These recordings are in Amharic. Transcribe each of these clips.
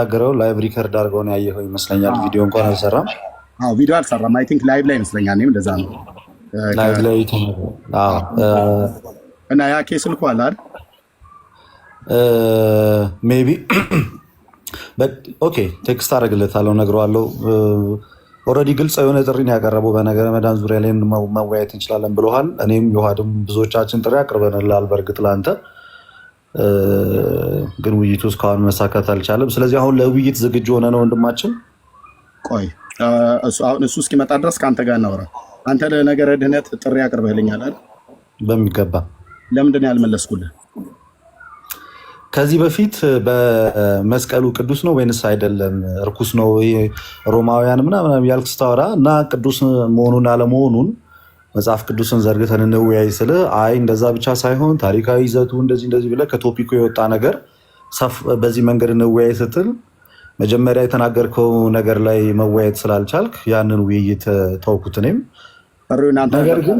ተናግረው ላይቭ ሪከርድ አድርገው ነው ያየኸው ይመስለኛል። ቪዲዮ እንኳን አልሰራም። አዎ ቪዲዮ አልሰራም። አይ ቲንክ ላይቭ ላይ ይመስለኛል። እኔም እንደዛ ነው ላይቭ ላይ እና ያ ኬስ ልኳል አይደል? ሜይ ቢ ኦኬ። ቴክስት አደርግለታለሁ፣ እነግረዋለሁ። ኦልሬዲ ግልጽ የሆነ ጥሪ ነው ያቀረበው። በነገረ መዳን ዙሪያ ላይ መወያየት እንችላለን ብለሃል። እኔም ዮሐድም ብዙዎቻችን ጥሪ አቅርበንልሃል። በእርግጥ ለአንተ ግን ውይይቱ እስካሁን መሳካት አልቻለም። ስለዚህ አሁን ለውይይት ዝግጁ ሆነ ነው ወንድማችን። ቆይ አሁን እሱ እስኪመጣ ድረስ ከአንተ ጋር እናወራ። አንተ ለነገረ ድህነት ጥሪ አቅርበህልኛል አይደል? በሚገባ ለምንድን ያልመለስኩልህ? ከዚህ በፊት በመስቀሉ ቅዱስ ነው ወይንስ አይደለም፣ እርኩስ ነው፣ ሮማውያን ምናምን ያልክ ስታወራ እና ቅዱስ መሆኑን አለመሆኑን መጽሐፍ ቅዱስን ዘርግተን እንወያይ ስል አይ እንደዛ ብቻ ሳይሆን ታሪካዊ ይዘቱ እንደዚህ እንደዚህ ብለህ ከቶፒኩ የወጣ ነገር በዚህ መንገድ እንወያይ ስትል መጀመሪያ የተናገርከው ነገር ላይ መወያየት ስላልቻልክ ያንን ውይይት ተውኩት። እኔም ነገር ግን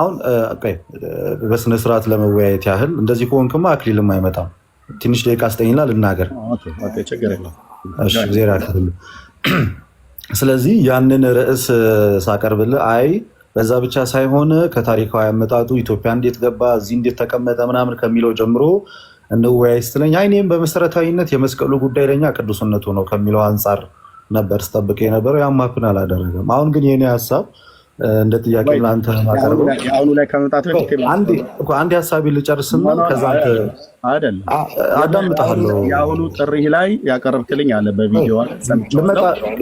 አሁን በስነስርዓት ለመወያየት ያህል እንደዚህ ከሆንክማ አክሊልም አይመጣም። ትንሽ ደቂቃ ስጠኝና ልናገር። ስለዚህ ያንን ርዕስ ሳቀርብልህ አይ በዛ ብቻ ሳይሆን ከታሪካዊ አመጣጡ ኢትዮጵያ እንዴት ገባ እዚህ እንዴት ተቀመጠ ምናምን ከሚለው ጀምሮ እንወያይ ስትለኝ አይኔም በመሰረታዊነት የመስቀሉ ጉዳይ ለኛ ቅዱስነቱ ነው ከሚለው አንጻር ነበር ስጠብቅ የነበረው ያም አላደረገም። አሁን ግን የኔ ሀሳብ እንደ ጥያቄ ለአንተ ማቀርበው አንድ ሀሳቢ ልጨርስና ከዛ አዳምጠሃለሁ። የአሁኑ ጥሪህ ላይ ያቀረብክልኝ አለ በቪዲዮ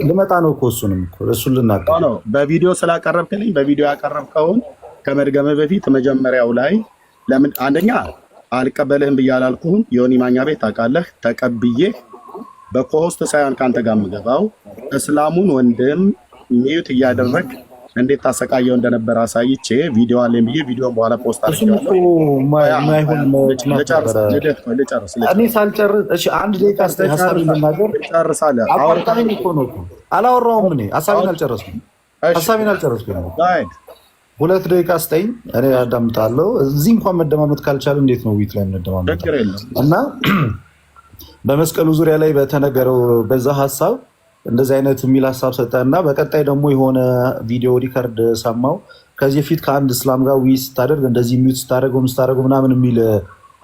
ልመጣ ነው እኮ እሱንም እሱን ልናቀር በቪዲዮ ስላቀረብክልኝ በቪዲዮ ያቀረብከውን ከመድገመ በፊት መጀመሪያው ላይ ለምን አንደኛ አልቀበልህም ብዬ አላልኩህም። የሆኒ ማኛ ቤት ታውቃለህ፣ ተቀብዬ በኮሆስት ሳይሆን ከአንተ ጋር የምገባው እስላሙን ወንድም ሚዩት እያደረግ እንዴት ታሰቃየው እንደነበር አሳይቼ ቪዲዮ አለ ብዬ ቪዲዮ በኋላ ፖስት አላወራውም። ሁለት ደቂቃ ስጠኝ፣ እኔ አዳምጣለሁ። እዚህ እንኳን መደማመጥ ካልቻለ እንዴት ነው ዊት ላይ የምንደማመጥ? እና በመስቀሉ ዙሪያ ላይ በተነገረው በዛ ሀሳብ እንደዚህ አይነት የሚል ሀሳብ ሰጠ እና በቀጣይ ደግሞ የሆነ ቪዲዮ ሪከርድ ሰማው ከዚህ በፊት ከአንድ እስላም ጋር ውይ ስታደርግ እንደዚህ ሚዩት ስታደርገው ስታደርገው ምናምን የሚል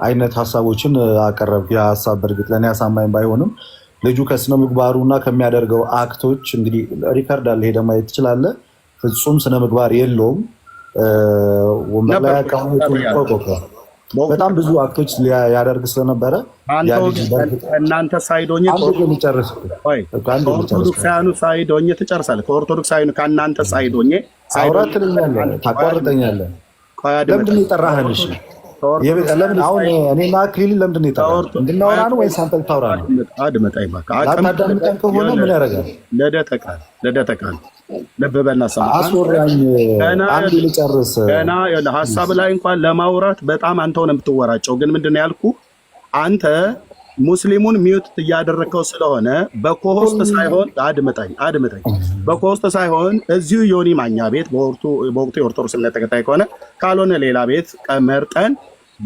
አይነት ሀሳቦችን አቀረብ። ያ ሀሳብ በእርግጥ ለእኔ አሳማኝ ባይሆንም ልጁ ከስነ ምግባሩ እና ከሚያደርገው አክቶች እንግዲህ ሪከርድ አለ፣ ሄደ ማየት ትችላለ። ፍጹም ስነ ምግባር የለውም ወንበር ላይ በጣም ብዙ አክቶች ያደርግ ስለነበረ እናንተ ሳይዶኝ ከኦርቶዶክሳያኑ ሳይዶኝ ትጨርሳለህ። ከኦርቶዶክሳያኑ ከእናንተ ሳይዶኝ ሳይዶኝ ታቋርጠኛለህ። ለምንድን የጠራህን? እሺ አሁን እኔና አክሊልን ለምንድን የጠራህን? እንድናወራ ነው ወይ ሳምፕል ታውራ ነው? አዳምጠኝ እባክህ። አዳምጠኝ ከሆነ ምን ያደርጋል? ልደተቃል ለበበና አስወራኝ ልጨርስ ገና ሀሳብ ላይ እንኳን ለማውራት በጣም አንተውን የምትወራጨው ግን ምንድን ነው ያልኩ አንተ ሙስሊሙን ሚዩት እያደረግከው ስለሆነ በኮሆስት ሳይሆን አድምጠኝ አድምጠኝ በኮሆስት ሳይሆን እዚሁ ዮኒ ማኛ ቤት በወቅቱ የኦርቶዶክስ እምነት ተከታይ ከሆነ ካልሆነ ሌላ ቤት መርጠን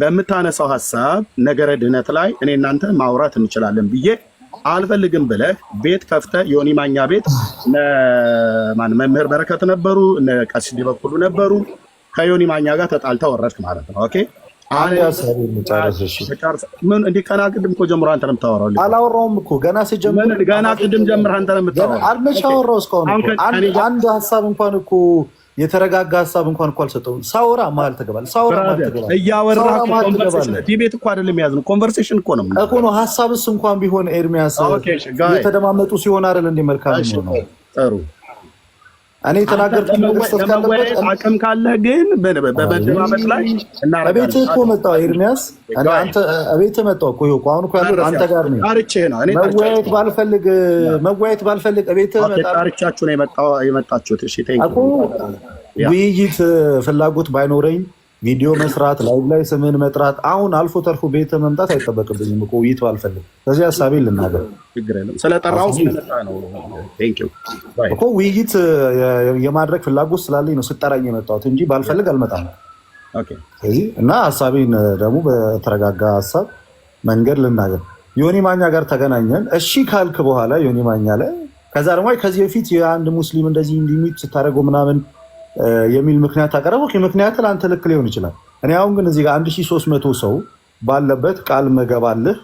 በምታነሳው ሀሳብ ነገረ ድህነት ላይ እኔ እናንተ ማውራት እንችላለን ብዬ አልፈልግም ብለህ ቤት ከፍተህ ዮኒ ማኛ ቤት ማን መምህር በረከት ነበሩ፣ እነ ቀሲስ ሊበኩሉ ነበሩ። ከዮኒ ማኛ ጋር ተጣልተህ ወረድክ ማለት ነው። ኦኬ ምን እንዲህ ቀና ቅድም እኮ ጀምሮ አንተ ነው የምታወራው። አላወራሁም እኮ ገና ሲጀምር ገና ቅድም ጀምር አንተ ነው የምታወራው። አልመች እስካሁን አንድ ሀሳብ እንኳን እኮ የተረጋጋ ሀሳብ እንኳን እኮ አልሰጠውም። ሳውራ መሀል ትገባለህ። ሳወራ መሀል ትገባለህ። እያወራህ ዲቤት እኮ አይደለም የያዝነው ኮንቨርሴሽን እኮ ነው እኮ ነው። ሀሳብስ እንኳን ቢሆን ኤርሚያስ የተደማመጡ ሲሆን አይደል እንደ መልካም ነው። ጥሩ እኔ የተናገርኩት መወያየት አቅም ካለ ግን በመደማመጥ ላይ እናረጋለን። እኮ መጣሁ ኤርሚያስ፣ እቤትህ መጣሁ እኮ ይኸው አሁን እኮ ያለው አንተ ጋር ነው። ነው መወያየት ባልፈልግ መወያየት ባልፈልግ እቤትህ ጣርቻችሁ ነው የመጣችሁት። እሺ ውይይት ፍላጎት ባይኖረኝ ቪዲዮ መስራት፣ ላይቭ ላይ ስምን መጥራት፣ አሁን አልፎ ተርፎ ቤተ መምጣት አይጠበቅብኝም። ውይይቱ አልፈልግም። ስለዚህ ሀሳቤ ልናገር እኮ ውይይት የማድረግ ፍላጎት ስላለኝ ነው ስጠራኝ የመጣሁት እንጂ ባልፈልግ አልመጣም። ስለዚህ እና ሀሳቤን ደግሞ በተረጋጋ ሀሳብ መንገድ ልናገር። ዮኒ ማኛ ጋር ተገናኘን፣ እሺ ካልክ በኋላ ዮኒ ማኛ ላይ ከዛ ደግሞ ከዚህ በፊት የአንድ ሙስሊም እንደዚህ እንዲሚት ስታደርገው ምናምን የሚል ምክንያት አቀረበው። ምክንያት ለአንተ ልክ ሊሆን ይችላል። እኔ አሁን ግን እዚህ ጋር መቶ ሰው ባለበት ቃል መገባልህ፣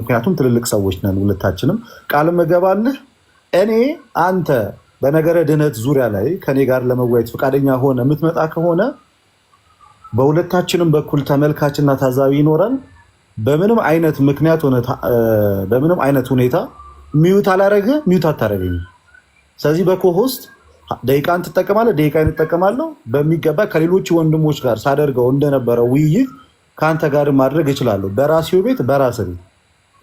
ምክንያቱም ትልልቅ ሰዎች ነን ሁለታችንም፣ ቃል መገባልህ እኔ አንተ በነገረ ድህነት ዙሪያ ላይ ከኔ ጋር ለመወያየት ፈቃደኛ ሆነ የምትመጣ ከሆነ በሁለታችንም በኩል ተመልካችና ታዛቢ ይኖረን። በምንም አይነት ምክንያት በምንም አይነት ሁኔታ ሚዩት አላረገ ሚዩት አታረገኝ። ስለዚህ በኮ ሆስት ደቂቃን ትጠቀማለህ፣ ደቂቃን እጠቀማለሁ በሚገባ ከሌሎች ወንድሞች ጋር ሳደርገው እንደነበረ ውይይት ከአንተ ጋር ማድረግ እችላለሁ። በራሴው ቤት በራሴ ቤት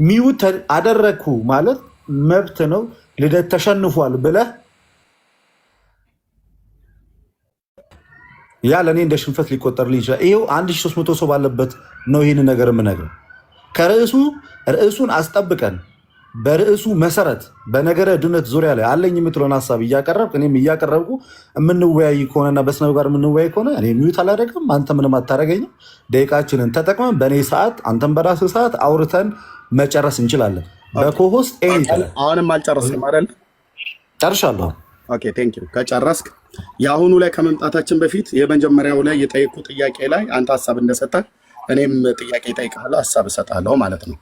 ሚዩት አደረግኩ ማለት መብት ነው። ልደት ተሸንፏል ብለህ ያ ለእኔ እንደ ሽንፈት ሊቆጠርልኝ ይችላል። ሶስት መቶ ሰው ባለበት ነው ይህን ነገር የምነግርህ። ከርዕሱ ርዕሱን አስጠብቀን በርዕሱ መሰረት በነገረ ድነት ዙሪያ ላይ አለኝ የምትለውን ሀሳብ እያቀረብ እኔም እያቀረብኩ የምንወያይ ከሆነና በስነው ጋር የምንወያይ ከሆነ እኔ ሚዩት አላደርግም፣ አንተ ምንም አታደርገኝም። ደቂቃችንን ተጠቅመን በእኔ ሰዓት፣ አንተን በራስ ሰዓት አውርተን መጨረስ እንችላለን። በኮሆስት አሁንም አልጨረስም አይደል? ጨርሻለሁ። ከጨረስክ የአሁኑ ላይ ከመምጣታችን በፊት የመጀመሪያው ላይ የጠየቁ ጥያቄ ላይ አንተ ሀሳብ እንደሰጠ እኔም ጥያቄ እጠይቅሃለሁ፣ ሀሳብ እሰጣለሁ ማለት ነው።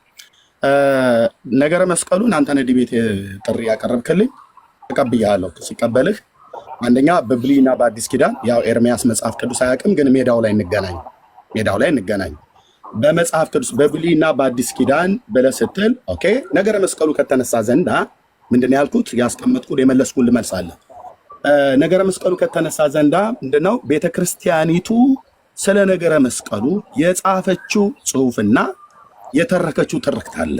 ነገረ መስቀሉን አንተን ዲቤት ጥሪ ያቀረብክልኝ ተቀብያለሁ። ሲቀበልህ አንደኛ በብሉይ በአዲስ ኪዳን ያው ኤርሚያስ መጽሐፍ ቅዱስ አያውቅም፣ ግን ሜዳው ላይ እንገናኝ፣ ሜዳው ላይ እንገናኝ። በመጽሐፍ ቅዱስ በብሉይ በአዲስ ኪዳን ብለህ ስትል ኦኬ፣ ነገረ መስቀሉ ከተነሳ ዘንዳ ምንድን ነው ያልኩት? ያስቀመጥኩት የመለስኩን ልመልሳለህ። ነገረ መስቀሉ ከተነሳ ዘንዳ ምንድነው ቤተክርስቲያኒቱ ስለ ነገረ መስቀሉ የጻፈችው ጽሁፍና። የተረከችው ትርክት አለ።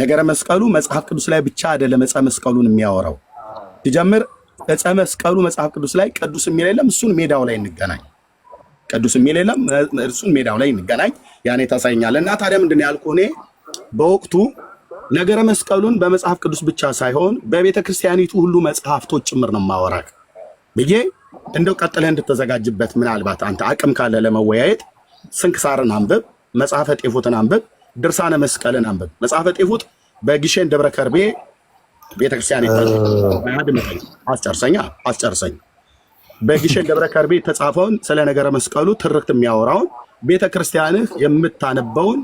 ነገረ መስቀሉ መጽሐፍ ቅዱስ ላይ ብቻ አይደለም ዕፀ መስቀሉን የሚያወራው። ትጀምር ዕፀ መስቀሉ መጽሐፍ ቅዱስ ላይ ቅዱስ የሚል የለም። እሱን ሜዳው ላይ እንገናኝ። ቅዱስ የሚል የለም። እርሱን ሜዳው ላይ እንገናኝ። ያኔ ታሳይኛለህ። እና ታዲያ ምንድን ነው ያልኩህ? እኔ በወቅቱ ነገረ መስቀሉን በመጽሐፍ ቅዱስ ብቻ ሳይሆን በቤተ ክርስቲያኒቱ ሁሉ መጽሐፍቶች ጭምር ነው ማወራክ ብዬ እንደው ቀጥለህ እንድትዘጋጅበት ምናልባት አንተ አቅም ካለ ለመወያየት ስንክሳርን አንብብ መጽሐፈ ጤፉትን አንብብ፣ ድርሳነ መስቀልን አንብብ። መጽሐፈ ጤፉት በግሼን ደብረ ከርቤ ቤተክርስቲያን አስጨርሰኛ አስጨርሰኝ በግሼን ደብረ ከርቤ የተጻፈውን ስለ ነገረ መስቀሉ ትርክት የሚያወራውን ቤተክርስቲያንህ የምታነበውን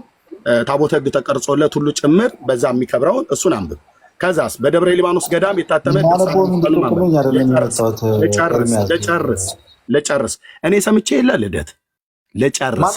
ታቦተ ሕግ ተቀርጾለት ሁሉ ጭምር በዛ የሚከብረውን እሱን አንብብ። ከዛስ በደብረ ሊባኖስ ገዳም የታተመ ልጨርስ ልጨርስ እኔ ሰምቼ የለ ልደት ልጨርስ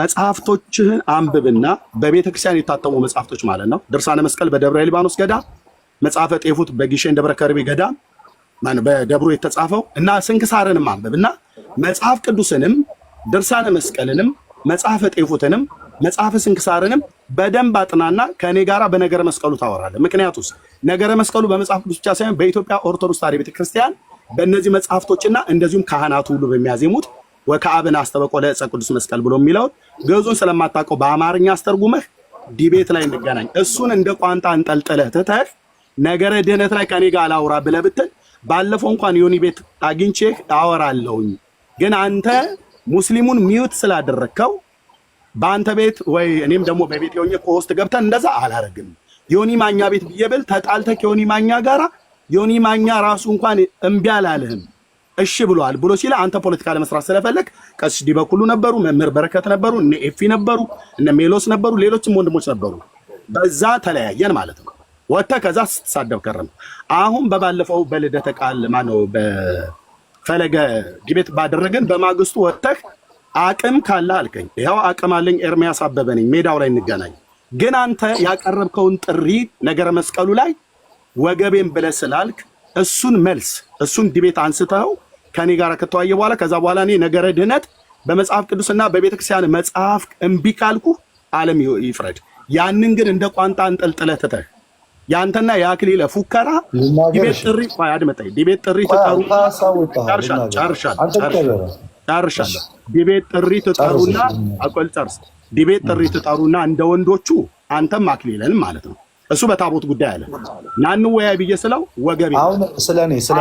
መጽሐፍቶችህን አንብብና በቤተ ክርስቲያን የታተሙ መጽሐፍቶች ማለት ነው። ድርሳነ መስቀል በደብረ ሊባኖስ ገዳም፣ መጽሐፈ ጤፉት በጊሼን ደብረ ከርቤ ገዳም በደብሮ የተጻፈው እና ስንክሳርንም አንብብና መጽሐፍ ቅዱስንም ድርሳነ መስቀልንም መጽሐፈ ጤፉትንም መጽሐፈ ስንክሳርንም በደንብ አጥናና ከእኔ ጋራ በነገረ መስቀሉ ታወራለህ። ምክንያቱ ነገረ መስቀሉ በመጽሐፍ ቅዱስ ብቻ ሳይሆን በኢትዮጵያ ኦርቶዶክስ ታሪ ቤተክርስቲያን በእነዚህ መጽሐፍቶችና እንደዚሁም ካህናቱ ሁሉ በሚያዜሙት ወከአብን አስተበቆ ለዕፀ ቅዱስ መስቀል ብሎ የሚለውን ገዙን ስለማታውቀው በአማርኛ አስተርጉመህ ዲቤት ላይ እንገናኝ። እሱን እንደ ቋንጣ እንጠልጥለህ ትተህ ነገረ ድህነት ላይ ከኔ ጋር አላውራ ብለህ ብትል ባለፈው እንኳን ዮኒ ቤት አግኝቼህ አወራለሁኝ። ግን አንተ ሙስሊሙን ሚዩት ስላደረግከው በአንተ ቤት ወይ እኔም ደግሞ በቤት የሆኜ ከውስጥ ገብተን እንደዛ አላረግም። ዮኒ ማኛ ቤት ብዬ ብል ተጣልተህ ዮኒ ማኛ ጋራ ዮኒ ማኛ ራሱ እንኳን እምቢ አላለህም። እሺ ብለዋል ብሎ ሲለ አንተ ፖለቲካ ለመስራት ስለፈለግ ቀሲስ ዲበኩሉ ነበሩ፣ መምህር በረከት ነበሩ፣ እነ ኤፊ ነበሩ፣ እነ ሜሎስ ነበሩ፣ ሌሎችም ወንድሞች ነበሩ። በዛ ተለያየን ማለት ነው። ወጥተህ ከዛ ስትሳደብ ከረም። አሁን በባለፈው በልደተ ቃል ማነው በፈለገ ዲቤት ባደረገን በማግስቱ ወጥተህ አቅም ካለ አልከኝ። ያው አቅም አለኝ፣ ኤርሚያስ አበበ ነኝ፣ ሜዳው ላይ እንገናኝ። ግን አንተ ያቀረብከውን ጥሪ ነገረ መስቀሉ ላይ ወገቤን ብለህ ስላልክ እሱን መልስ እሱን ዲቤት አንስተኸው ከኔ ጋር ከተዋየ በኋላ ከዛ በኋላ እኔ ነገረ ድህነት በመጽሐፍ ቅዱስና በቤተክርስቲያን መጽሐፍ እምቢ ካልኩ ዓለም ይፍረድ። ያንን ግን እንደ ቋንጣ እንጠልጥለ ትተ ያንተና የአክሊለ ፉከራ ዲቤት ጥሪ አድመጣኝ። ዲቤት ጥሪ ትጠሩ ጨርሻለሁ። ዲቤት ጥሪ ትጠሩና አቆል ጨርስ ዲቤት ጥሪ ትጠሩና እንደ ወንዶቹ አንተም አክሊለን ማለት ነው እሱ በታቦት ጉዳይ አለ እና እንወያይ ብዬ ስለው ወገቤ አሁን ስለ እኔ ስለ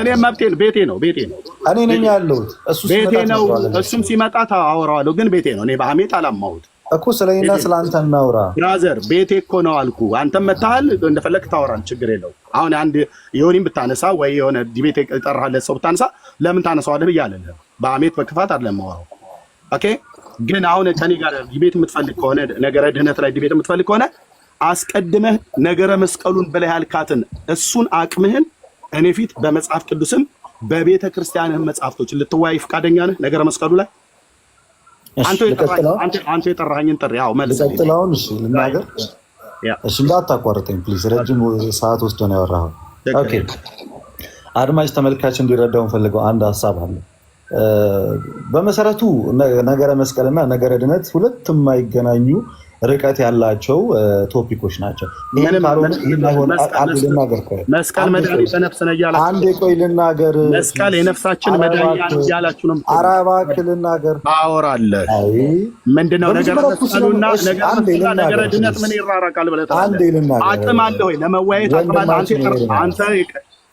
እኔ መብቴ ቤቴ ነው ቤቴ ነው እኔ ነኝ ያለሁት እሱ ቤቴ ነው። እሱም ሲመጣ ታወራዋለሁ፣ ግን ቤቴ ነው። እኔ በሐሜት አላማሁት እኮ ስለ እኔና ስለ አንተ እናውራ ብራዘር። ቤቴ እኮ ነው አልኩ። አንተም መታሃል፣ እንደፈለክ ታወራን፣ ችግር የለው። አሁን አንድ የሆኔም ብታነሳ ወይ የሆነ ዲቤት የጠራህለት ሰው ብታነሳ ለምን ታነሳዋለህ ብዬ አለ። በሐሜት በክፋት አይደለም ማወራው። ኦኬ ግን አሁን ከኔ ጋር ዲቤት የምትፈልግ ከሆነ ነገረ ድህነት ላይ ዲቤት የምትፈልግ ከሆነ አስቀድመህ ነገረ መስቀሉን ብለህ ያልካትን እሱን አቅምህን እኔ ፊት በመጽሐፍ ቅዱስም በቤተ ክርስቲያንህም መጽሐፍቶች ልትወያይ ፈቃደኛ ነህ? ነገረ መስቀሉ ላይ አንተ የጠራኸኝን ጥሪ ው መልስ ልቀጥለውን ልናገር እሺ፣ እንዳታቋርጠኝ ፕሊዝ። ረጅም ሰዓት ወስዶ ነው ያወራኸው። ኦኬ፣ አድማጭ ተመልካች እንዲረዳው እንፈልገው አንድ ሀሳብ አለ። በመሰረቱ ነገረ መስቀልና ነገረ ድነት ሁለት የማይገናኙ ርቀት ያላቸው ቶፒኮች ናቸው። መስቀል መድኃኒት በነፍስ ነው እያላችሁ አንዴ ቆይ ልናገር። መስቀል የነፍሳችን መድኃኒት እያላችሁ ነው። ኧረ እባክህ ልናገር። ምንድን ነው መስቀሉና ነገረ ድነት ምን ይራራቃል ብለህ አቅም አለ ወይ ለመወያየት? አንተ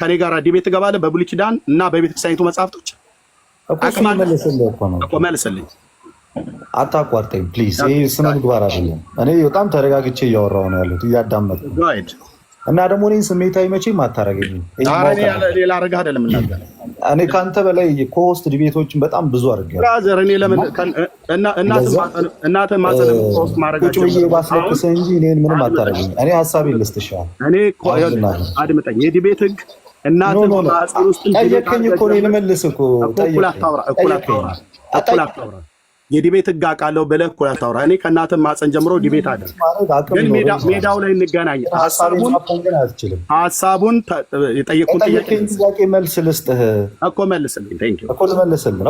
ከኔ ጋር ዲቤት እገባለሁ በብሉይ ኪዳን እና በቤተ ክርስቲያኒቱ መጽሐፍቶች እኮ መልስልኝ። አታቋርጠኝ ፕሊዝ። ይህ ስነ ምግባር አይደለም። እኔ በጣም ተረጋግቼ እያወራሁ ነው ያለሁት እያዳመጥ እና ደግሞ እኔን ስሜታዊ መቼም አታረገኝም። ሌላ አረጋ አይደለም እናገር እኔ ከአንተ በላይ ኮስት ዲቤቶችን በጣም ብዙ አድርገራዘር እኔ ለምን እናትህን ማጸንም ኮስት ማድረጋቸው ባስለቅስህ እንጂ እኔን ምንም አታረገኝም። እኔ ሀሳቤን ልስጥሻል። እኔ አድምጠኝ የዲቤት ህግ እናት የዲቤት ህግ አውቃለሁ ብለህ እኩል አታውራ እኔ ከእናትህ ማፀን ጀምሮ ዲቤት አደርግ ግን ሜዳው ላይ እንገናኝ ሀሳቡን የጠየቁን ጥያቄ መልስ ልስጥህ እኮ መልስልኝ እኮ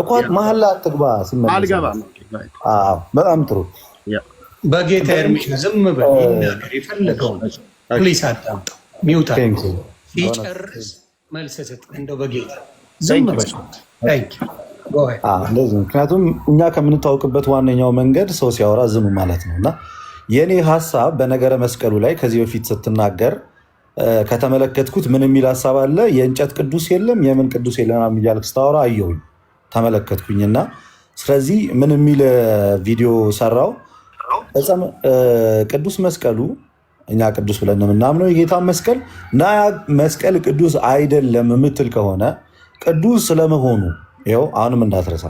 እኮ መሀል ላይ አትግባ አልገባም በጣም ጥሩ በጌታ ዝም በል ይናገር የፈለገውን ፕሊስ አዳምጠው ሚውታ ሲጨርስ መልስ ስጥ እንደው በጌታ ምክንያቱም እኛ ከምንታወቅበት ዋነኛው መንገድ ሰው ሲያወራ ዝም ማለት ነው እና የእኔ ሀሳብ በነገረ መስቀሉ ላይ ከዚህ በፊት ስትናገር ከተመለከትኩት ምን የሚል ሀሳብ አለ? የእንጨት ቅዱስ የለም የምን ቅዱስ የለም እያልክ ስታወራ አየሁኝ ተመለከትኩኝና፣ ስለዚህ ምን የሚል ቪዲዮ ሰራው ቅዱስ መስቀሉ እኛ ቅዱስ ብለን የምናምነው የጌታ መስቀል እና መስቀል ቅዱስ አይደለም የምትል ከሆነ ቅዱስ ስለመሆኑ ይኸው አሁንም እንዳትረሳ።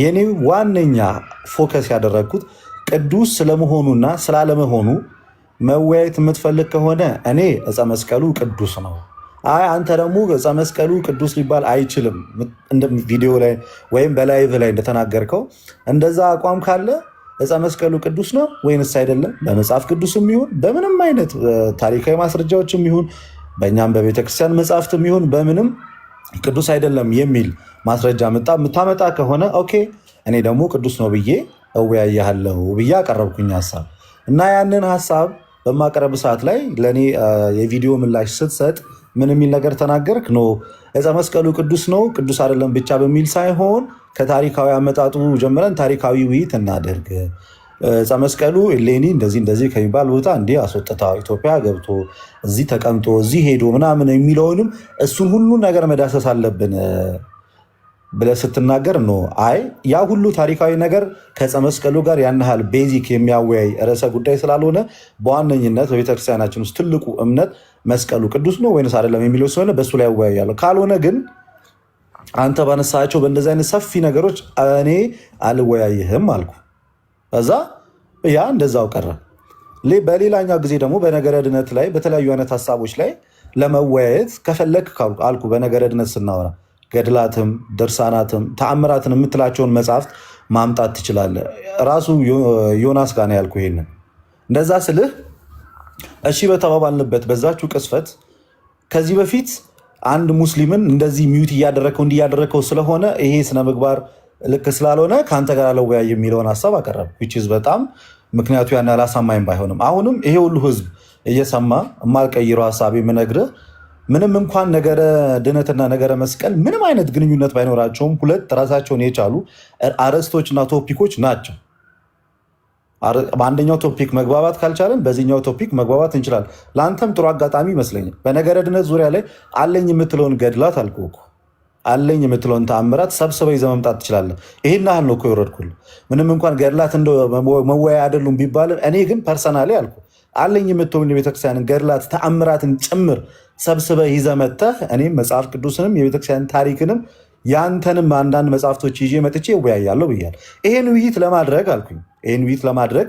የኔ ዋነኛ ፎከስ ያደረግኩት ቅዱስ ስለመሆኑና ስላለመሆኑ መወያየት የምትፈልግ ከሆነ እኔ እፀ መስቀሉ ቅዱስ ነው፣ አይ አንተ ደግሞ እፀ መስቀሉ ቅዱስ ሊባል አይችልም ቪዲዮ ላይ ወይም በላይቭ ላይ እንደተናገርከው እንደዛ አቋም ካለ ዕፀ መስቀሉ ቅዱስ ነው ወይንስ አይደለም? በመጽሐፍ ቅዱስም ይሁን በምንም አይነት ታሪካዊ ማስረጃዎችም ይሁን በእኛም በቤተክርስቲያን መጽሐፍትም ይሁን በምንም ቅዱስ አይደለም የሚል ማስረጃ የምታመጣ ከሆነ ኦኬ፣ እኔ ደግሞ ቅዱስ ነው ብዬ እወያያለሁ ብዬ አቀረብኩኝ ሀሳብ እና ያንን ሀሳብ በማቀረብ ሰዓት ላይ ለእኔ የቪዲዮ ምላሽ ስትሰጥ ምን የሚል ነገር ተናገርክ? ኖ ዕፀ መስቀሉ ቅዱስ ነው ቅዱስ አይደለም ብቻ በሚል ሳይሆን ከታሪካዊ አመጣጡ ጀምረን ታሪካዊ ውይይት እናደርግ። ዕፀ መስቀሉ እንደዚህ እንደዚህ ከሚባል ቦታ እንዲ አስወጥታ ኢትዮጵያ ገብቶ እዚህ ተቀምጦ እዚህ ሄዶ ምናምን የሚለውንም እሱን ሁሉን ነገር መዳሰስ አለብን ብለህ ስትናገር ነው። አይ ያ ሁሉ ታሪካዊ ነገር ከዕፀ መስቀሉ ጋር ያን ያህል ቤዚክ የሚያወያይ ርዕሰ ጉዳይ ስላልሆነ በዋነኝነት በቤተክርስቲያናችን ውስጥ ትልቁ እምነት መስቀሉ ቅዱስ ነው ወይንስ አይደለም የሚለው ስለሆነ በእሱ ላይ ያወያያለሁ። ካልሆነ ግን አንተ ባነሳቸው በእንደዚህ አይነት ሰፊ ነገሮች እኔ አልወያይህም አልኩ። እዛ ያ እንደዛው ቀረ። በሌላኛው ጊዜ ደግሞ በነገረ ድነት ላይ በተለያዩ አይነት ሀሳቦች ላይ ለመወያየት ከፈለግ አልኩ። በነገረ ድነት ስናወራ ገድላትም ድርሳናትም ተአምራትን የምትላቸውን መጽሐፍት ማምጣት ትችላለህ። ራሱ ዮናስ ጋር ነው ያልኩ። ይሄንን እንደዛ ስልህ እሺ በተባባልንበት በዛችሁ ቅስፈት ከዚህ በፊት አንድ ሙስሊምን እንደዚህ ሚዩት እያደረግከው እንዲህ እያደረግከው ስለሆነ ይሄ ስነ ምግባር ልክ ስላልሆነ ከአንተ ጋር አለወያይ የሚለውን ሀሳብ አቀረብ ዝ በጣም ምክንያቱ ያን አላሳማኝ ባይሆንም አሁንም ይሄ ሁሉ ህዝብ እየሰማ የማልቀይረው ሀሳብ የምነግርህ ምንም እንኳን ነገረ ድነትና ነገረ መስቀል ምንም አይነት ግንኙነት ባይኖራቸውም ሁለት ራሳቸውን የቻሉ አርዕስቶችና ቶፒኮች ናቸው። በአንደኛው ቶፒክ መግባባት ካልቻለን በዚህኛው ቶፒክ መግባባት እንችላል። ለአንተም ጥሩ አጋጣሚ ይመስለኛል። በነገረ ድነት ዙሪያ ላይ አለኝ የምትለውን ገድላት አልኩህ እኮ አለኝ የምትለውን ተአምራት ሰብስበህ ይዘህ መምጣት ትችላለህ። ይህን ያህል ነው እኮ የወረድኩልህ። ምንም እንኳን ገድላት እንደ መወያ አይደሉም ቢባልም እኔ ግን ፐርሰናሊ አልኩ አለኝ የምትሆን የቤተክርስቲያንን ገድላት ተአምራትን ጭምር ሰብስበ ይዘህ መጥተህ እኔም መጽሐፍ ቅዱስንም የቤተክርስቲያን ታሪክንም ያንተንም አንዳንድ መጽሐፍቶች ይዤ መጥቼ እወያያለሁ ብያል። ይሄን ውይይት ለማድረግ አልኩኝ ይሄን ውይይት ለማድረግ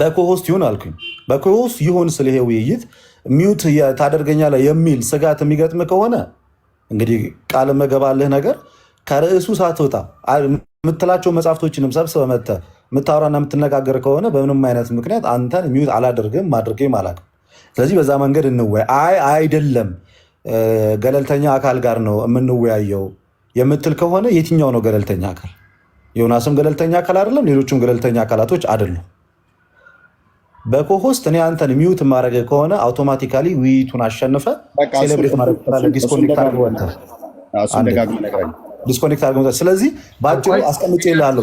በኮሆስት ይሁን አልኩኝ። በኮሆስት ይሁን ስለ ይሄ ውይይት ሚውት ታደርገኛለ የሚል ስጋት የሚገጥም ከሆነ እንግዲህ ቃል መገባልህ ነገር ከርዕሱ ሳትወጣ የምትላቸው መጽሐፍቶችንም ሰብስበህ መጥተህ የምታወራና የምትነጋገር ከሆነ በምንም አይነት ምክንያት አንተን ሚውት አላደርግም ማድርጌ ማለት ስለዚህ በዛ መንገድ እንወያይ። አይ አይደለም ገለልተኛ አካል ጋር ነው የምንወያየው የምትል ከሆነ የትኛው ነው ገለልተኛ አካል? ዮናስም ገለልተኛ አካል አይደለም፣ ሌሎችም ገለልተኛ አካላቶች አይደሉም። በኮሆስት እኔ አንተን ሚውት ማድረግ ከሆነ አውቶማቲካሊ ውይይቱን አሸንፈ ሴሌብሬት ማድረግ ዲስኮኔክት አድርገ ስለዚህ በአጭሩ አስቀምጬ ይልሉ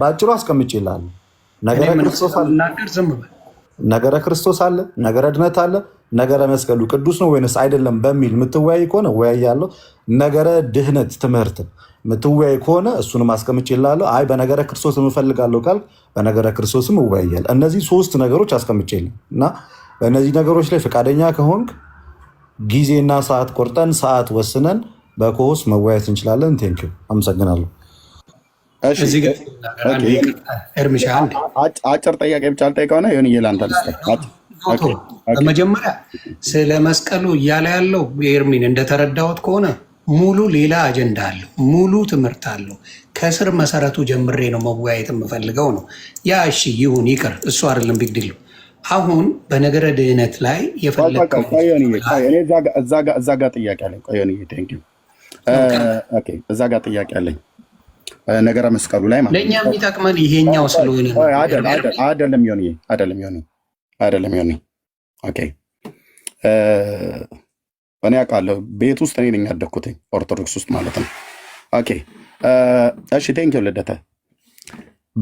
በአጭሩ አስቀምጬ ይልሉ ክርስቶስ አለ ነገረ ክርስቶስ አለ ነገረ ድነት አለ ነገረ መስቀሉ ቅዱስ ነው ወይንስ አይደለም በሚል የምትወያይ ከሆነ እወያያለሁ። ነገረ ድህነት ትምህርት የምትወያይ ከሆነ እሱንም አስቀምጭ ይላለሁ። አይ በነገረ ክርስቶስ እፈልጋለሁ ካልክ በነገረ ክርስቶስም እወያያለሁ። እነዚህ ሶስት ነገሮች አስቀምጭ የለም እና በእነዚህ ነገሮች ላይ ፈቃደኛ ከሆንክ ጊዜና ሰዓት ቆርጠን ሰዓት ወስነን በኮስ መወያየት እንችላለን። ቴንኪው አመሰግናለሁ። አጭር ጥያቄ ብቻ አልጠይቀው ሆነ ይሁን እየላንተ ቶ በመጀመሪያ ስለ መስቀሉ እያለ ያለው ኤርሚን እንደተረዳሁት ከሆነ ሙሉ ሌላ አጀንዳ አለው፣ ሙሉ ትምህርት አለው። ከስር መሰረቱ ጀምሬ ነው መወያየት የምፈልገው ነው። ያ እሺ ይሁን ይቅር፣ እሱ አይደለም ቢግድል። አሁን በነገረ ድህነት ላይ የፈለግከው እዛ ጋ ጥያቄ አለኝ። እዛ ጋ ጥያቄ አለኝ ነገረ መስቀሉ ላይ ለእኛ የሚጠቅመን ይሄኛው ስለሆነ አይደለም ሆን አይደለም ሆን አይደለም ዮኒ። ኦኬ እኔ አውቃለሁ። ቤት ውስጥ እኔ ነኝ ያደግኩትኝ ኦርቶዶክስ ውስጥ ማለት ነው። ኦኬ እሺ፣ ቴንኪ ልደተ።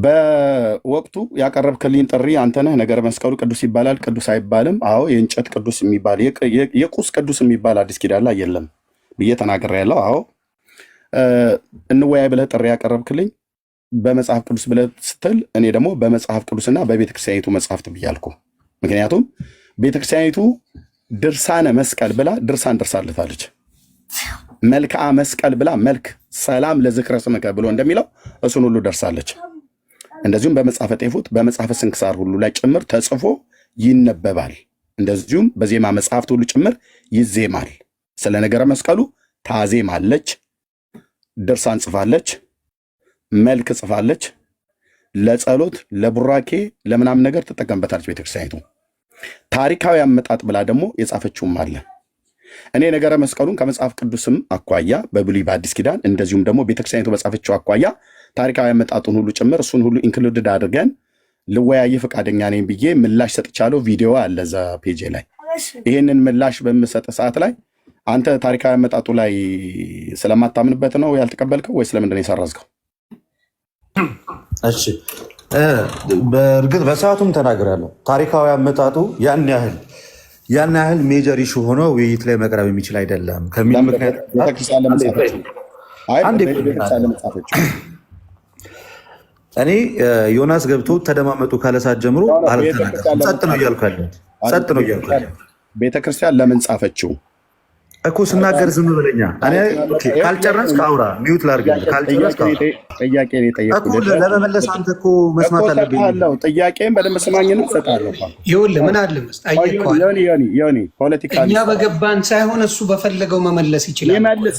በወቅቱ ያቀረብክልኝ ጥሪ አንተነህ ነገር መስቀሉ ቅዱስ ይባላል ቅዱስ አይባልም? አዎ የእንጨት ቅዱስ የሚባል የቁስ ቅዱስ የሚባል አዲስ ኪዳን ላይ የለም ብዬ ተናገር ያለው አዎ እንወያይ ብለህ ጥሪ ያቀረብክልኝ በመጽሐፍ ቅዱስ ብለህ ስትል እኔ ደግሞ በመጽሐፍ ቅዱስና በቤተክርስቲያኒቱ መጽሐፍት ብያልኩ ምክንያቱም ቤተክርስቲያኒቱ ድርሳነ መስቀል ብላ ድርሳን ደርሳለታለች። መልክዓ መስቀል ብላ መልክ ሰላም ለዝክረ ስምከ ብሎ እንደሚለው እሱን ሁሉ ደርሳለች። እንደዚሁም በመጽሐፈ ጤፉት በመጽሐፈ ስንክሳር ሁሉ ላይ ጭምር ተጽፎ ይነበባል። እንደዚሁም በዜማ መጽሐፍት ሁሉ ጭምር ይዜማል። ስለ ነገረ መስቀሉ ታዜማለች፣ ድርሳን ጽፋለች፣ መልክ ጽፋለች። ለጸሎት፣ ለቡራኬ፣ ለምናምን ነገር ትጠቀምበታለች ቤተክርስቲያኒቱ። ታሪካዊ አመጣጥ ብላ ደግሞ የጻፈችውም አለ። እኔ ነገረ መስቀሉን ከመጽሐፍ ቅዱስም አኳያ በብሉይ በአዲስ ኪዳን እንደዚሁም ደግሞ ቤተክርስቲያኒቱ በጻፈችው አኳያ ታሪካዊ አመጣጡን ሁሉ ጭምር እሱን ሁሉ ኢንክሉድድ አድርገን ልወያየ ፈቃደኛ ነኝ ብዬ ምላሽ ሰጥቻለሁ። ቪዲዮ አለ እዛ ፔጄ ላይ። ይህንን ምላሽ በምሰጥ ሰዓት ላይ አንተ ታሪካዊ አመጣጡ ላይ ስለማታምንበት ነው ያልተቀበልከው ወይ ስለምንድን የሰረዝከው? እሺ በእርግጥ በሰዓቱም ተናግራለሁ። ታሪካዊ አመጣጡ ያን ያህል ያን ያህል ሜጀር ኢሹ ሆኖ ውይይት ላይ መቅረብ የሚችል አይደለም ከሚል ምክንያት እኔ ዮናስ ገብቶ ተደማመጡ ካለ ሰዓት ጀምሮ ጸጥ ነው እያልኩ ያለሁት። ቤተክርስቲያን ለምን ጻፈችው? እኮ ስናገር ዝም ብለኛ ካልጨረስክ አውራ ሚዩት ላድርግልህ። ጥያቄ ለመመለስ አንተ እኮ መስማት አለብኝ። ጥያቄን በደንብ ስማኝን እሰጥሃለሁ። ይኸውልህ ምን አለ መሰለህ እኛ በገባን ሳይሆን እሱ በፈለገው መመለስ ይችላል። ይመልስ።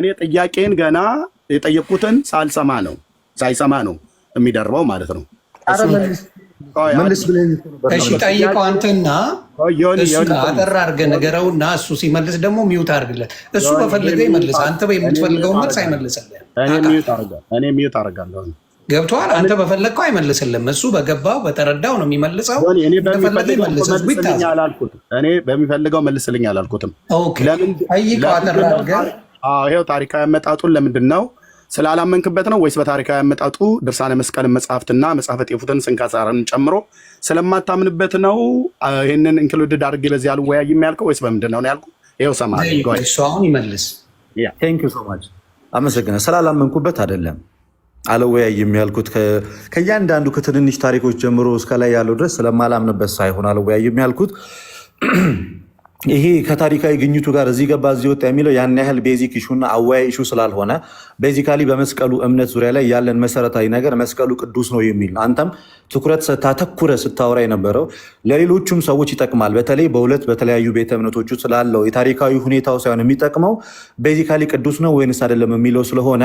እኔ ጥያቄን ገና የጠየቁትን ሳልሰማ ነው ሳይሰማ ነው የሚደርበው ማለት ነው መልስ ብለኸኝ ጠይቀው አንተና አጠር አድርገህ እሱ ሲመልስ ደግሞ ሚውት አድርግለት። እሱ በፈለገ ይመልስ፣ አንተ መልስ አይመልስልህም። እኔ ሚውት ገብቶሃል? አንተ በፈለግከው አይመልስልህም። እሱ በገባው በተረዳው ነው የሚመልሰው። እኔ በሚፈልገው መልስልኝ አላልኩትም። ይኸው ታሪካዊ አመጣጡን ለምንድን ነው ስላላመንክበት ነው ወይስ በታሪካዊ አመጣጡ ድርሳነ መስቀልን መጽሐፍትና መጽሐፈ ጤፉትን ስንክሳርን ጨምሮ ስለማታምንበት ነው ይህንን እንክሉድድ አድርጌ በዚህ አልወያይም ያልከው ወይስ በምንድን ነው ያልኩ? ይኸው ሰማኸኝ። አሁን ይመልስ። አመሰግናለሁ። ስላላመንኩበት አይደለም አልወያይም ያልኩት ከእያንዳንዱ ከትንንሽ ታሪኮች ጀምሮ እስከ ላይ ያለው ድረስ ስለማላምንበት ሳይሆን አልወያይም ያልኩት ይሄ ከታሪካዊ ግኝቱ ጋር እዚህ ገባ እዚህ ወጣ የሚለው ያን ያህል ቤዚክ ኢሹና አወያይ ኢሹ ስላልሆነ ቤዚካሊ በመስቀሉ እምነት ዙሪያ ላይ ያለን መሰረታዊ ነገር መስቀሉ ቅዱስ ነው የሚል አንተም ትኩረት ስታተኩረ ስታወራ የነበረው ለሌሎቹም ሰዎች ይጠቅማል። በተለይ በሁለት በተለያዩ ቤተ እምነቶቹ ስላለው የታሪካዊ ሁኔታው ሳይሆን የሚጠቅመው ቤዚካሊ ቅዱስ ነው ወይንስ አይደለም የሚለው ስለሆነ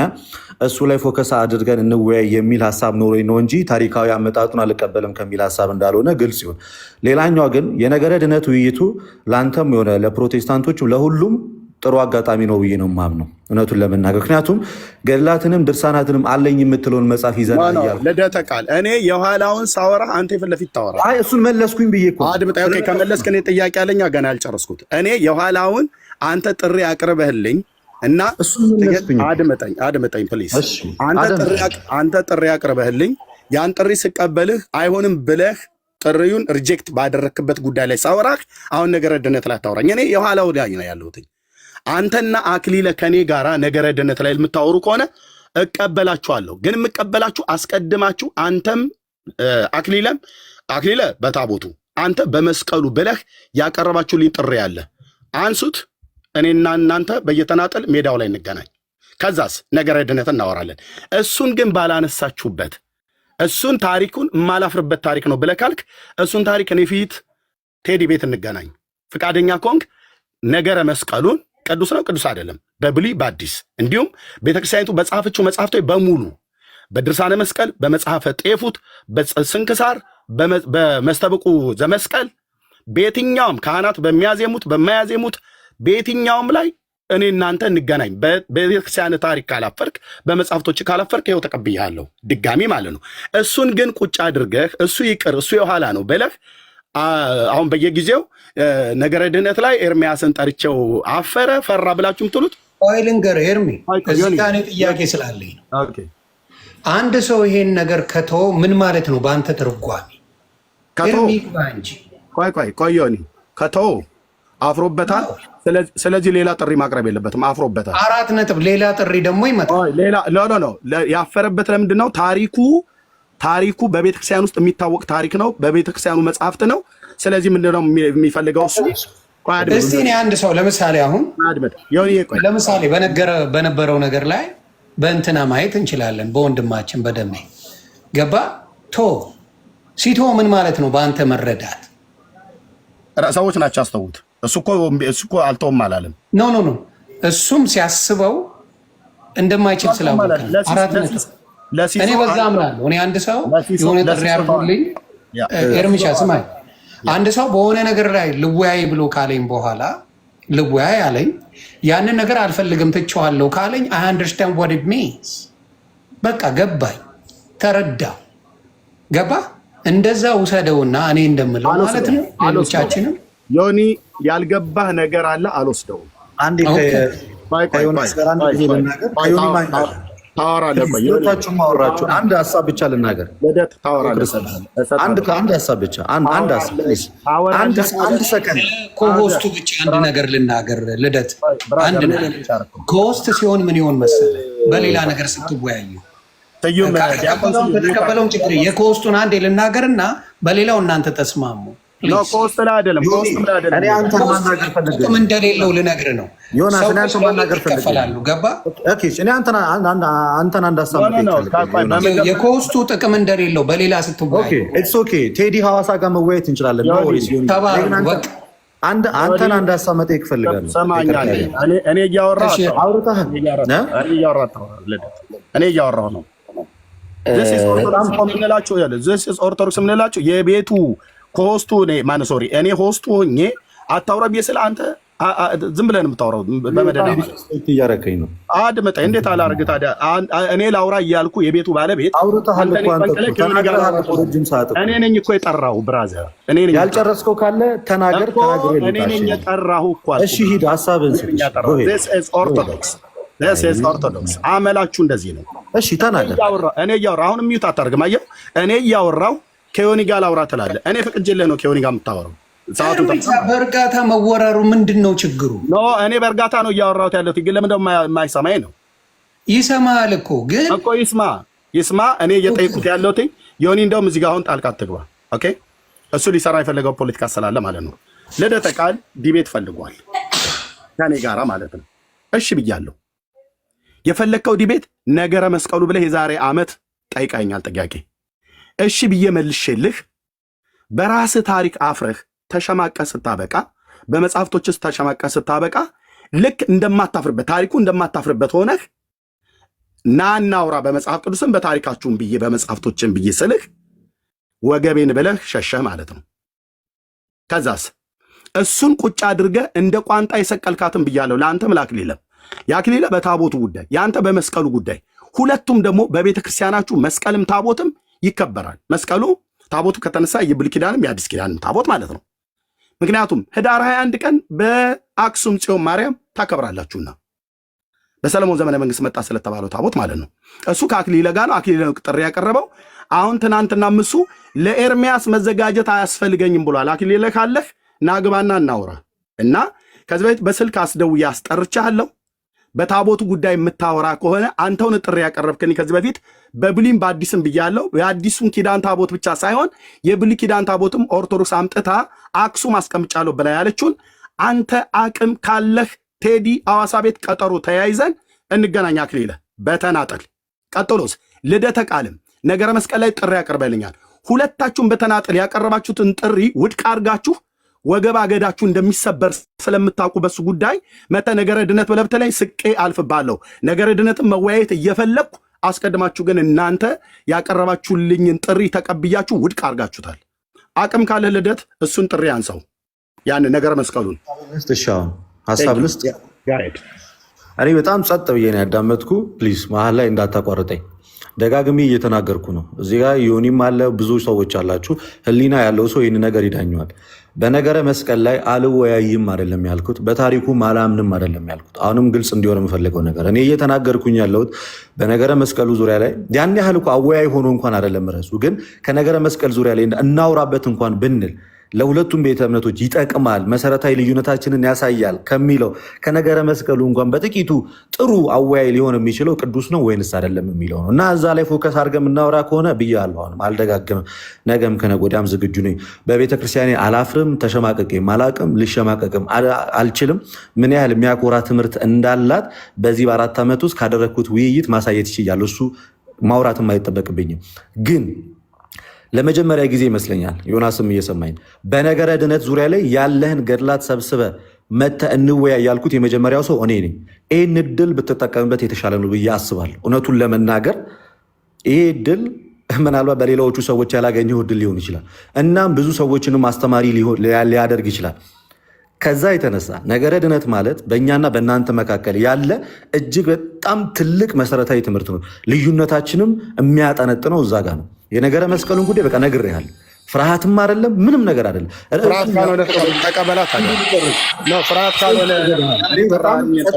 እሱ ላይ ፎከስ አድርገን እንወያይ የሚል ሀሳብ ኖሮ ነው እንጂ ታሪካዊ አመጣጡን አልቀበልም ከሚል ሀሳብ እንዳልሆነ ግልጽ ይሁን። ሌላኛዋ ግን የነገረ ድነት ውይይቱ ለአንተም ለእኛም የሆነ ለፕሮቴስታንቶችም ለሁሉም ጥሩ አጋጣሚ ነው ብዬ ነው የማምነው እውነቱን ለመናገር ምክንያቱም ገድላትንም ድርሳናትንም አለኝ የምትለውን መጽሐፍ ይዘናል ልደተ ቃል እኔ የኋላውን ሳወራ አንተ የፊት ለፊት ታወራ እሱን መለስኩኝ ብዬ ከመለስክ እኔ ጥያቄ አለኝ ገና ያልጨረስኩት እኔ የኋላውን አንተ ጥሪ አቅርበህልኝ እና አድምጠኝ አድምጠኝ አንተ ጥሪ አቅርበህልኝ ያን ጥሪ ስቀበልህ አይሆንም ብለህ ጥሪውን ሪጀክት ባደረክበት ጉዳይ ላይ ሳወራህ አሁን ነገረ ድነት ላይ አታወራኝ። እኔ የኋላ ላይ ነው ያለሁት። አንተና አክሊለ ከኔ ጋራ ነገረ ድነት ላይ የምታወሩ ከሆነ እቀበላችኋለሁ። ግን የምቀበላችሁ አስቀድማችሁ አንተም አክሊለም አክሊለ በታቦቱ አንተ በመስቀሉ ብለህ ያቀረባችሁልኝ ጥሪ አለ። አንሱት። እኔና እናንተ በየተናጠል ሜዳው ላይ እንገናኝ። ከዛስ ነገረ ድነት እናወራለን። እሱን ግን ባላነሳችሁበት እሱን ታሪኩን የማላፍርበት ታሪክ ነው ብለህ ካልክ እሱን ታሪክ እኔ ፊት ቴዲ ቤት እንገናኝ። ፍቃደኛ ኮንክ ነገረ መስቀሉን ቅዱስ ነው ቅዱስ አይደለም በብሉይ በአዲስ እንዲሁም ቤተክርስቲያኒቱ በጻፈችው መጽሐፍቶች በሙሉ በድርሳነ መስቀል፣ በመጽሐፈ ጤፉት፣ በስንክሳር፣ በመስተብቁ ዘመስቀል በየትኛውም ካህናት በሚያዜሙት በማያዜሙት በየትኛውም ላይ እኔ እናንተ እንገናኝ። በቤተክርስቲያን ታሪክ ካላፈርክ፣ በመጽሐፍቶች ካላፈርክ ይኸው ተቀብያለሁ፣ ድጋሚ ማለት ነው። እሱን ግን ቁጭ አድርገህ እሱ ይቅር እሱ የኋላ ነው ብለህ አሁን በየጊዜው ነገረ ድህነት ላይ ኤርሚያስን ጠርቼው አፈረ ፈራ ብላችሁ ምትሉት ቆይ ልንገርህ ኤርሚ፣ እዚህ እኔ ጥያቄ ስላለኝ ነው። አንድ ሰው ይሄን ነገር ከቶ ምን ማለት ነው? በአንተ ትርጓሚ? ኤርሚ፣ ቆይ ቆይ ቆይ ዮኒ ከቶ አፍሮበታል ስለዚህ ሌላ ጥሪ ማቅረብ የለበትም። አፍሮበታል። አራት ነጥብ። ሌላ ጥሪ ደግሞ ይመጣል። ሌላ ያፈረበት ለምንድን ነው? ታሪኩ ታሪኩ በቤተክርስቲያን ውስጥ የሚታወቅ ታሪክ ነው። በቤተክርስቲያኑ መጽሐፍት ነው። ስለዚህ ምንድን ነው የሚፈልገው እሱ? እስቲ እኔ አንድ ሰው ለምሳሌ አሁን ለምሳሌ በነበረው ነገር ላይ በእንትና ማየት እንችላለን። በወንድማችን በደሜ ገባ ቶ ሲቶ ምን ማለት ነው? በአንተ መረዳት ሰዎች ናቸው አስተውት እሱ እኮ አልተውም አላለም። ኖ ኖ ኖ እሱም ሲያስበው እንደማይችል ስላወቀ አራት እኔ በዛ አምናለሁ። እኔ አንድ ሰው የሆነ ጥሪ አድርጎልኝ ኤርሚሻ ስማኝ፣ አንድ ሰው በሆነ ነገር ላይ ልወያይ ብሎ ካለኝ በኋላ ልወያይ አለኝ፣ ያንን ነገር አልፈልግም ትቼዋለሁ ካለኝ አይ አንደርስታንድ ዋት ኢት ሚንስ በቃ ገባኝ፣ ተረዳው፣ ገባ። እንደዛ ውሰደውና እኔ እንደምለው ማለት ነው ሌሎቻችንም ዮኒ ያልገባህ ነገር አለ አልወስደውም። አንድ ሀሳብ ብቻ ልናገር። አንድ ሀሳብ ብቻ አንድ ሰከንድ ከሆስቱ ብቻ አንድ ነገር ልናገር። ልደት ከሆስት ሲሆን ምን ይሆን መሰለህ በሌላ ነገር ስትወያዩ ተቀበለውን ችግር የከሆስቱን አንዴ ልናገርና በሌላው እናንተ ተስማሙ። ከውስጥ ላይ አይደለም። ጥቅም እንደሌለው ልነግርህ ነው። የኮስቱ ጥቅም እንደሌለው በሌላ ስትወያይ ቴዲ ሐዋሳ ጋር መወያየት እንችላለን። አንተን አንድ ሀሳብ መጠየቅ እፈልጋለሁ። እኔ እያወራሁ ነው። ኦርቶዶክስ የምንላቸው የቤቱ ከሆስቱ ማን ሶሪ እኔ ሆስቱ ሆኜ አታውራ ብዬ ስለ አንተ ዝም ብለን የምታውረው በመደዳ እያረከኝ ነው። አድምጠኝ። እንዴት አላርግ ታዲያ? እኔ ላውራ እያልኩ የቤቱ ባለቤት እኔ ነኝ እኮ የጠራሁ። ብራዘር ያልጨረስከው ካለ ተናገር። እኔ ነኝ የጠራሁ እኮ እሺ፣ ሂድ ሀሳብህን ኦርቶዶክስ ኦርቶዶክስ አመላችሁ እንደዚህ ነው። እሺ፣ ተናገር። እኔ እያወራሁ አሁን ሚዩት አታርግም። አየሁ እኔ እያወራሁ ከዮኒ ጋር ላውራ ትላለህ። እኔ ፈቅጄልህ ነው ከዮኒ ጋር የምታወራው። በእርጋታ መወራሩ ምንድን ነው ችግሩ? እኔ በእርጋታ ነው እያወራሁት ያለሁት፣ ግን ለምን ደግሞ የማይሰማኝ ነው? ይሰማል እኮ ግን እኮ ይስማ ይስማ። እኔ እየጠየቁት ያለሁት ዮኒ፣ እንደውም እዚህ ጋር አሁን ጣልቃ ትግባ ኦኬ፣ እሱ ሊሰራ የፈለገው ፖለቲካ ስላለ ማለት ነው። ልደተ ቃል ዲቤት ፈልጓል ከኔ ጋራ ማለት ነው። እሺ ብያለሁ። የፈለግከው ዲቤት ነገረ መስቀሉ ብለህ የዛሬ አመት ጠይቃኛል ጥያቄ እሺ ብዬ መልሼልህ በራስህ ታሪክ አፍረህ ተሸማቀ ስታበቃ በመጽሐፍቶች ውስጥ ተሸማቀ ስታበቃ ልክ እንደማታፍርበት ታሪኩ እንደማታፍርበት ሆነህ ና እናውራ በመጽሐፍ ቅዱስም በታሪካችሁን ብዬ በመጽሐፍቶችን ብዬ ስልህ ወገቤን ብለህ ሸሸህ ማለት ነው። ከዛስ እሱን ቁጭ አድርገህ እንደ ቋንጣ የሰቀልካትን ብያለሁ። ለአንተም ለአክሊለም የአክሊለ በታቦቱ ጉዳይ፣ የአንተ በመስቀሉ ጉዳይ፣ ሁለቱም ደግሞ በቤተ ክርስቲያናችሁ መስቀልም ታቦትም ይከበራል። መስቀሉ ታቦቱ ከተነሳ የብሉይ ኪዳንም የአዲስ ኪዳንም ታቦት ማለት ነው። ምክንያቱም ህዳር 21 ቀን በአክሱም ጽዮን ማርያም ታከብራላችሁና በሰለሞን ዘመነ መንግስት መጣ ስለተባለው ታቦት ማለት ነው። እሱ ከአክሊለ ጋር ነው። አክሊለ ጥሪ ያቀረበው አሁን ትናንትና ምሱ ለኤርሚያስ መዘጋጀት አያስፈልገኝም ብሏል። አክሊለ ካለህ ናግባና እናውራ እና ከዚህ በፊት በስልክ አስደውዬ አስጠርቻለሁ። በታቦቱ ጉዳይ የምታወራ ከሆነ አንተውን ጥሪ ያቀረብከኝ ከዚህ በፊት በብሉይም በአዲስም ብያለው። የአዲሱን ኪዳን ታቦት ብቻ ሳይሆን የብሉይ ኪዳን ታቦትም ኦርቶዶክስ አምጥታ አክሱም አስቀምጫለሁ ብላ ያለችውን አንተ አቅም ካለህ ቴዲ አዋሳ ቤት ቀጠሮ ተያይዘን እንገናኝ። አክሊለ በተናጠል ቀጥሎስ ልደተ ቃልም ነገረ መስቀል ላይ ጥሪ ያቀርበልኛል። ሁለታችሁም በተናጠል ያቀረባችሁትን ጥሪ ውድቅ አድርጋችሁ ወገብ አገዳችሁ እንደሚሰበር ስለምታውቁ በሱ ጉዳይ መጠ ነገረ ድነት በለብተ ላይ ስቄ አልፍባለሁ። ነገረ ድነትን መወያየት እየፈለግኩ አስቀድማችሁ ግን እናንተ ያቀረባችሁልኝን ጥሪ ተቀብያችሁ ውድቅ አድርጋችሁታል። አቅም ካለ ልደት እሱን ጥሪ አንሰው ያን ነገረ መስቀሉን ሀሳብ ልስጥ። እኔ በጣም ጸጥ ብዬ ነው ያዳመጥኩ። ፕሊዝ መሀል ላይ እንዳታቋርጠኝ። ደጋግሜ እየተናገርኩ ነው። እዚህ ጋ ዮኒም አለ ብዙ ሰዎች አላችሁ። ህሊና ያለው ሰው ይህን ነገር ይዳኘዋል። በነገረ መስቀል ላይ አልወያይም አይደለም ያልኩት፣ በታሪኩም አላምንም አይደለም ያልኩት። አሁንም ግልጽ እንዲሆን የምፈልገው ነገር እኔ እየተናገርኩኝ ያለሁት በነገረ መስቀሉ ዙሪያ ላይ ያን ያህል እኮ አወያይ ሆኖ እንኳን አይደለም ረሱ ግን ከነገረ መስቀል ዙሪያ ላይ እናውራበት እንኳን ብንል ለሁለቱም ቤተ እምነቶች ይጠቅማል፣ መሰረታዊ ልዩነታችንን ያሳያል ከሚለው ከነገረ መስቀሉ እንኳን በጥቂቱ ጥሩ አወያይ ሊሆን የሚችለው ቅዱስ ነው ወይንስ አይደለም የሚለው ነው እና እዛ ላይ ፎከስ አድርገን የምናወራ ከሆነ ብያለሁ። አሁንም አልደጋግምም። ነገም ከነገ ወዲያም ዝግጁ ነኝ። ክርስቲያኔ አላፍርም፣ ተሸማቀቄም አላቅም፣ ልሸማቀቅም አልችልም። ምን ያህል የሚያኮራ ትምህርት እንዳላት በዚህ በአራት ዓመት ውስጥ ካደረግኩት ውይይት ማሳየት ይችያል። እሱ ማውራትም አይጠበቅብኝም ግን ለመጀመሪያ ጊዜ ይመስለኛል ዮናስም እየሰማኝ በነገረ ድነት ዙሪያ ላይ ያለህን ገድላት ሰብስበ መተ እንወያ ያልኩት የመጀመሪያው ሰው እኔ ነኝ። ይህን እድል ብትጠቀምበት የተሻለ ነው ብዬ አስባል። እውነቱን ለመናገር ይህ እድል ምናልባት በሌላዎቹ ሰዎች ያላገኘው እድል ሊሆን ይችላል። እናም ብዙ ሰዎችንም አስተማሪ ሊያደርግ ይችላል። ከዛ የተነሳ ነገረ ድነት ማለት በእኛና በእናንተ መካከል ያለ እጅግ በጣም ትልቅ መሰረታዊ ትምህርት ነው። ልዩነታችንም የሚያጠነጥነው እዛ ጋር ነው። የነገረ መስቀሉን ጉዳይ በቃ ነግሬሃለሁ። ፍርሃትም አይደለም ምንም ነገር አይደለም።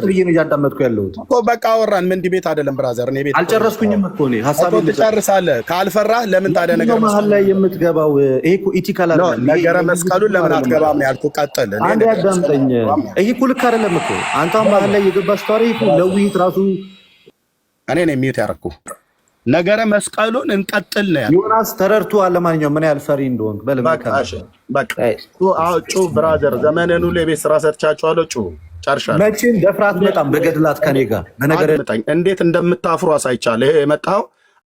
ብዬ ነው እያዳመጥኩ ያለሁት። በቃ አወራን። ምንድን ቤት አይደለም ብራዘር፣ እኔ ቤት አልጨረስኩኝም እኮ እኔ ሀሳብ ትጨርሳለህ። ካልፈራህ ለምን ታዲያ ነገር መሀል ላይ የምትገባው? ይሄ እኮ ኢቲካል ነገረ መስቀሉን ለምን አትገባም ነው ያልኩህ። ቀጥል። አንድ ያዳምጠኝ። ይሄ እኮ ልክ አይደለም እኮ አንተ መሀል ላይ የገባ ታሪ ለውይይት ራሱ እኔ ነው ሚዩት ያደረኩህ ነገረ መስቀሉን እንቀጥል ነው ያለው። ዮናስ ተረድቶ አለማንኛውም ምን ያህል ፈሪ እንደሆን ጩ ብራዘር ዘመንን ሁሉ የቤት ስራ ሰጥቻችኋለሁ። ጩ ጨርሻለሁ። መቼም ደፍራት በጣም በገድላት ከኔ ጋር በነገር እንዴት እንደምታፍሩ አሳይቻለሁ። ይሄ የመጣው